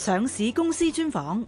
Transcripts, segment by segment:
上市公司專訪。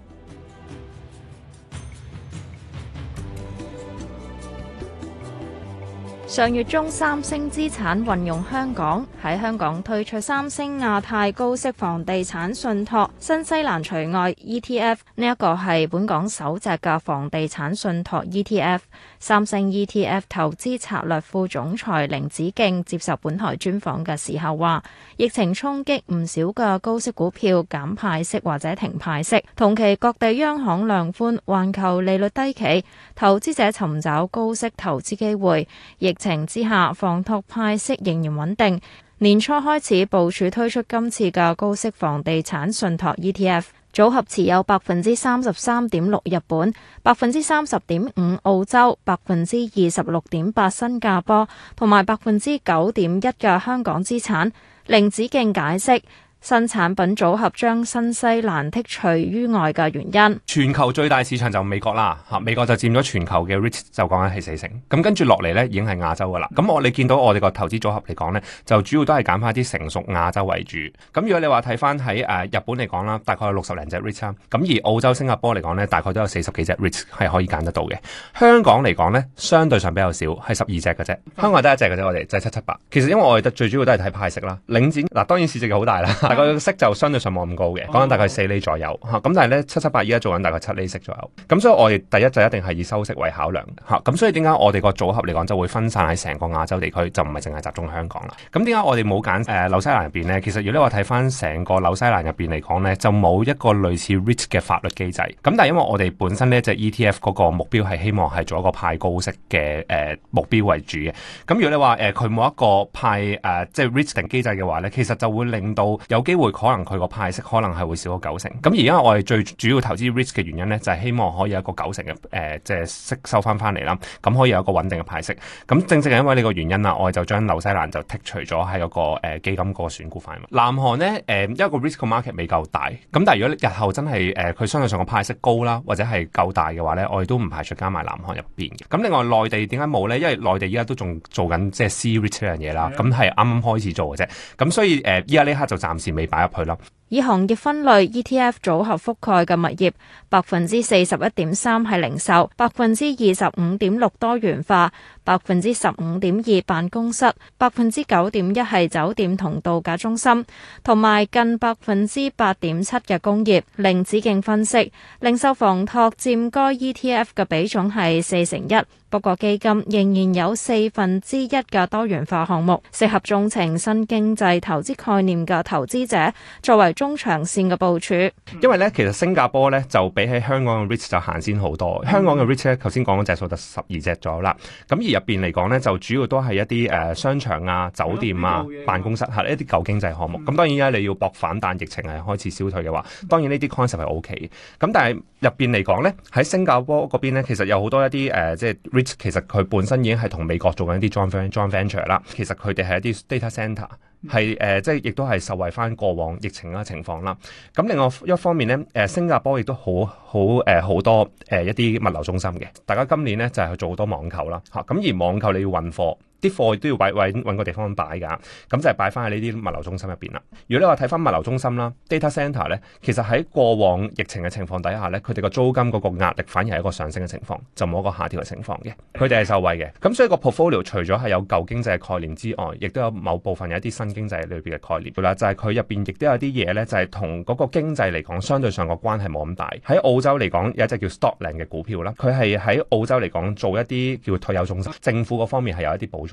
上月中，三星資產運用香港喺香港推出三星亞太高息房地產信託新西蘭除外 ETF，呢一個係本港首隻嘅房地產信託 ETF。三星 ETF 投資策略副總裁凌子敬接受本台專訪嘅時候話，疫情衝擊唔少嘅高息股票減派息或者停派息，同期各地央行量寬，環球利率低企，投資者尋找高息投資機會，亦，情之下，房託派息仍然穩定。年初開始部署推出今次嘅高息房地產信託 ETF，組合持有百分之三十三點六日本、百分之三十點五澳洲、百分之二十六點八新加坡，同埋百分之九點一嘅香港資產，凌子敬解釋。新產品組合將新西蘭剔除於外嘅原因，全球最大市場就美國啦吓，美國就佔咗全球嘅 REITs 就講緊係四成，咁跟住落嚟呢，已經係亞洲噶啦，咁我哋見到我哋個投資組合嚟講呢，就主要都係揀翻啲成熟亞洲為主。咁如果你話睇翻喺誒日本嚟講啦，大概有六十零隻 REITs，咁而澳洲、新加坡嚟講呢，大概都有四十幾隻 REITs 係可以揀得到嘅。香港嚟講呢，相對上比較少，係十二隻㗎啫。香港得一隻㗎啫，我哋就係七七八。其實因為我哋最主要都係睇派息啦領，領展嗱當然市值好大啦。個息就相對上冇咁高嘅，講緊大概四厘左右嚇。咁、哦、但係咧，七七八依家做緊大概七厘息左右。咁所以，我哋第一就一定係以收息為考量嚇。咁所以點解我哋個組合嚟講就會分散喺成個亞洲地區，就唔係淨係集中香港啦。咁點解我哋冇揀誒紐西蘭入邊咧？其實如果你話睇翻成個紐西蘭入邊嚟講咧，就冇一個類似 REIT 嘅法律機制。咁但係因為我哋本身咧就 ETF 嗰個目標係希望係做一個派高息嘅誒、呃、目標為主嘅。咁如果你話誒佢冇一個派誒、呃、即係 REIT 嘅機制嘅話咧，其實就會令到有機會可能佢個派息可能係會少咗九成，咁而家我哋最主要投資 REITs 嘅原因咧，就係、是、希望可以有一個九成嘅誒，即係息收翻翻嚟啦，咁可以有一個穩、呃就是、定嘅派息。咁正正係因為呢個原因啦，我哋就將紐西蘭就剔除咗喺嗰個、呃、基金個選股範圍。南韓呢，誒、呃，因為個 REITs market 未夠大，咁但係如果日後真係誒佢相對上個派息高啦，或者係夠大嘅話咧，我哋都唔排除加埋南韓入邊嘅。咁另外內地點解冇咧？因為內地依家都仲做緊即係 C-REITs 呢樣嘢啦，咁係啱啱開始做嘅啫。咁所以誒，依家呢刻就暫時。未擺入去咯。以行業分類，ETF 組合覆蓋嘅物業，百分之四十一點三係零售，百分之二十五點六多元化，百分之十五點二辦公室，百分之九點一係酒店同度假中心，同埋近百分之八點七嘅工業。凌子敬分析，零售房託佔該 ETF 嘅比重係四成一。不過基金仍然有四分之一嘅多元化項目，適合鍾情新經濟投資概念嘅投資者作為中長線嘅部署。因為咧，其實新加坡咧就比起香港嘅 REITs 就行先好多。香港嘅 REITs 咧，頭先講嗰隻數得十二隻咗啦。咁而入面嚟講咧，就主要都係一啲商場啊、酒店啊、辦公室係一啲舊經濟項目。咁、嗯、當然咧，你要博反彈，疫情係開始消退嘅話，當然概念、OK、呢啲 concept 係 O K。咁但係入面嚟講咧，喺新加坡嗰邊咧，其實有好多一啲誒、呃、即係。其實佢本身已經係同美國做緊一啲 joint joint venture 啦。其實佢哋係一啲 data center，係誒、呃、即係亦都係受惠翻過往疫情啊情況啦。咁另外一方面咧，誒、呃、新加坡亦都好好誒好、呃、多誒、呃、一啲物流中心嘅。大家今年咧就係、是、去做好多網購啦，吓、啊、咁而網購你要運貨。啲貨都要擺，揾個地方擺㗎，咁就係擺翻喺呢啲物流中心入邊啦。如果你話睇翻物流中心啦，data center 咧，其實喺過往疫情嘅情況底下咧，佢哋個租金嗰個壓力反而係一個上升嘅情況，就冇一個下跌嘅情況嘅，佢哋係受惠嘅。咁所以個 portfolio 除咗係有舊經濟嘅概念之外，亦都有某部分有一啲新經濟裏邊嘅概念啦，就係佢入邊亦都有啲嘢咧，就係同嗰個經濟嚟講相對上個關係冇咁大。喺澳洲嚟講，有一隻叫 Stockland 嘅股票啦，佢係喺澳洲嚟講做一啲叫退休中心，政府嗰方面係有一啲補。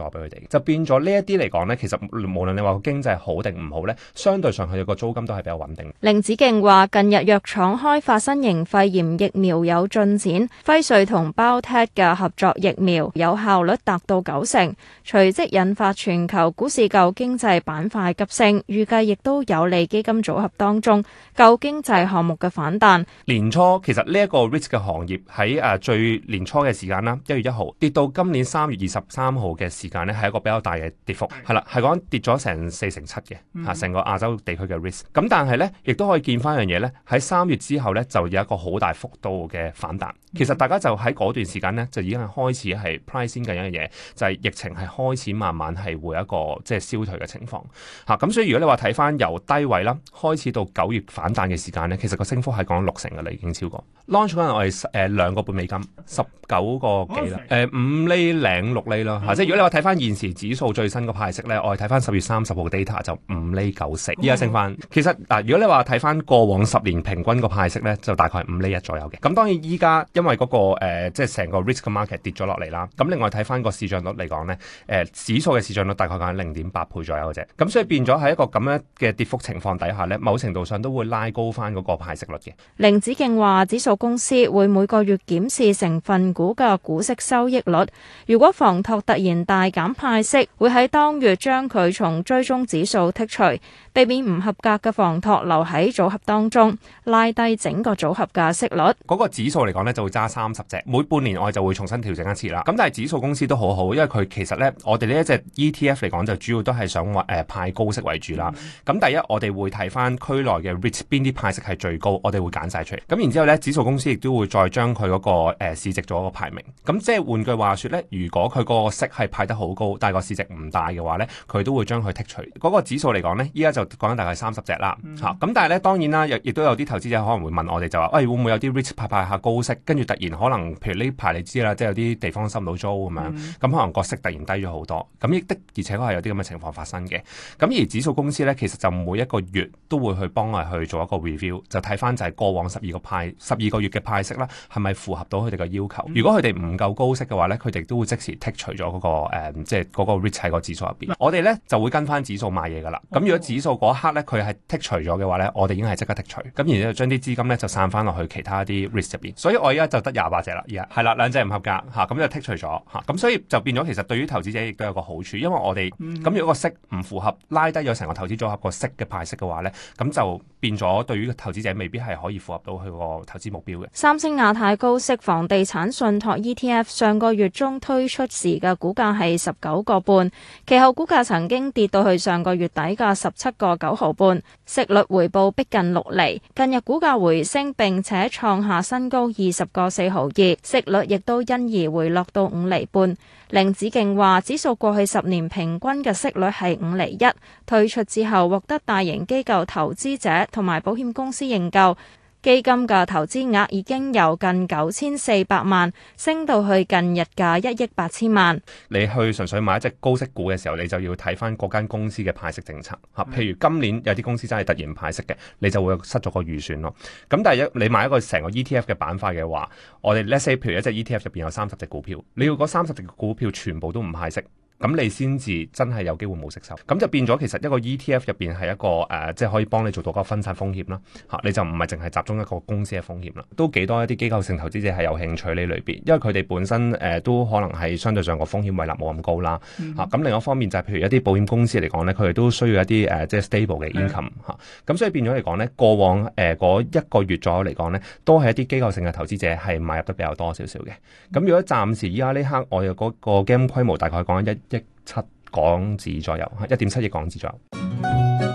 就變咗呢一啲嚟講呢，其實無論你話個經濟好定唔好呢，相對上佢個租金都係比較穩定。凌子敬話：近日藥廠開發新型肺炎疫苗有進展，輝瑞同包 t a g 嘅合作疫苗有效率達到九成，隨即引發全球股市舊經濟板塊急升，預計亦都有利基金組合當中舊經濟項目嘅反彈。年初其實呢一個 rich 嘅行業喺最年初嘅時間啦，一月一號跌到今年三月二十三號嘅時。時間係一個比較大嘅跌幅，係啦對，係講跌咗成四成七嘅嚇，成、嗯、哼個亞洲地區嘅 risk。咁但係咧，亦都可以見翻一樣嘢咧，喺三月之後咧，就有一個好大幅度嘅反彈。嗯、哼其實大家就喺嗰段時間咧，就已經係開始係 pricing 先緊一樣嘢，就係、是、疫情係開始慢慢係會一個即係、就是、消退嘅情況嚇。咁、啊、所以如果你話睇翻由低位啦開始到九月反彈嘅時間咧，其實個升幅係講六成嘅，已經超過 launch 嗰陣我哋誒兩個半美金十九個幾啦，誒五 Okay. 厘零六厘咯嚇。啊嗯、哼即如果你話睇翻現時指數最新個派息咧，我哋睇翻十月三十號 data 就五厘九四，依家升翻。其實嗱、啊，如果你話睇翻過往十年平均個派息咧，就大概五厘一左右嘅。咁當然依家因為嗰、那個即係成個 risk market 跌咗落嚟啦。咁另外睇翻個市賬率嚟講咧，誒、呃、指數嘅市賬率大概講係零點八倍左右嘅啫。咁所以變咗喺一個咁樣嘅跌幅情況底下咧，某程度上都會拉高翻嗰個派息率嘅。凌子敬話：指數公司會每個月檢視成分股嘅股息收益率，如果房託突然大減派息會喺當月將佢從追蹤指數剔除，避免唔合格嘅房託留喺組合當中，拉低整個組合嘅息率。嗰個指數嚟講呢，就會揸三十隻，每半年我就會重新調整一次啦。咁但係指數公司都好好，因為佢其實呢，我哋呢一隻 ETF 嚟講就主要都係想誒、呃、派高息為主啦。咁、嗯、第一我哋會睇翻區內嘅 REITs 邊啲派息係最高，我哋會揀晒出嚟。咁然之後呢，指數公司亦都會再將佢嗰、那個誒、呃、市值做一個排名。咁即係換句話說呢，如果佢個息係派得，好高，但係個市值唔大嘅話咧，佢都會將佢剔除。嗰、那個指數嚟講咧，依家就講緊大概三十隻啦。咁、嗯嗯、但係咧，當然啦，亦都有啲投資者可能會問我哋就話，喂、哎，會唔會有啲 REITs 派派下高息，跟住突然可能譬如呢排你知啦，即係有啲地方收唔到租咁樣，咁、嗯嗯、可能個息突然低咗好多。咁亦的而且確係有啲咁嘅情況發生嘅。咁而指數公司咧，其實就每一個月都會去幫我哋去做一個 review，就睇翻就係過往十二個派十二個月嘅派息啦，係咪符合到佢哋嘅要求？嗯、如果佢哋唔夠高息嘅話咧，佢哋都會即時剔除咗嗰、那個即係嗰個 risk 喺個指數入邊，我哋咧就會跟翻指數買嘢噶啦。咁如果指數嗰刻咧，佢係剔除咗嘅話咧，我哋已經係即刻剔除，咁然後將啲資金咧就散翻落去其他啲 risk 入邊。所以我而家就得廿八隻啦，而家係啦，兩隻唔合格吓，咁就剔除咗吓。咁所以就變咗，其實對於投資者亦都有個好處，因為我哋咁如果個息唔符合，拉低咗成個投資組合個息嘅派息嘅話咧，咁就變咗對於投資者未必係可以符合到佢個投資目標嘅。三星亞太高息房地產信託 ETF 上個月中推出時嘅股價係。四十，其後股價曾經跌到去上個月底嘅十七個九毫半，息率回報逼近六厘。近日股價回升，並且創下新高二十個四毫二，息率亦都因而回落到五厘半。凌子敬話：指數過去十年平均嘅息率係五厘一，推出之後獲得大型機構投資者同埋保險公司認購。基金嘅投資額已經由近九千四百萬升到去近日嘅一億八千萬。你去純粹買一隻高息股嘅時候，你就要睇翻嗰間公司嘅派息政策吓。譬如今年有啲公司真係突然派息嘅，你就會失咗個預算咯。咁但係一你買一個成個 ETF 嘅板塊嘅話，我哋 let’s say 譬如一隻 ETF 入邊有三十隻股票，你要嗰三十隻股票全部都唔派息。咁你先至真係有機會冇息收，咁就變咗其實一個 ETF 入面係一個、呃、即係可以幫你做到個分散風險啦、啊、你就唔係淨係集中一個公司嘅風險啦，都幾多一啲機構性投資者係有興趣呢裏邊，因為佢哋本身誒、呃、都可能係相對上個風險位立冇咁高啦嚇，咁、啊、另外一方面就係譬如一啲保險公司嚟講咧，佢哋都需要一啲、啊、即係 stable 嘅 income 嚇的，咁、啊、所以變咗嚟講咧，過往誒嗰、呃、一個月左右嚟講咧，都係一啲機構性嘅投資者係買入得比較多少少嘅，咁、啊、如果暫時而家呢刻我嘅嗰個 game 規模大概講一。一億七港紙左右，係一點七億港紙左右。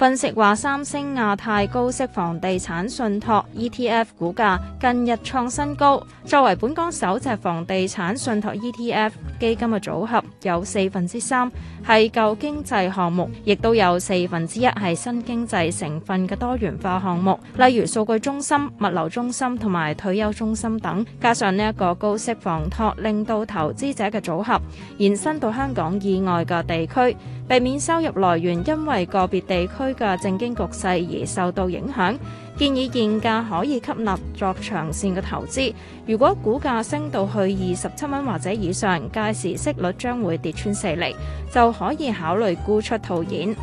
分析話三星亞太高息房地產信託 ETF 股價近日創新高。作為本港首隻房地產信託 ETF 基金嘅組合，有四分之三係舊經濟項目，亦都有四分之一係新經濟成分嘅多元化項目，例如數據中心、物流中心同埋退休中心等。加上呢一個高息房託令到投資者嘅組合延伸到香港以外嘅地區，避免收入來源因為個別地區。嘅政經局勢而受到影響，建議現價可以吸納作長線嘅投資。如果股價升到去二十七蚊或者以上，屆時息率將會跌穿四厘，就可以考慮沽出套現。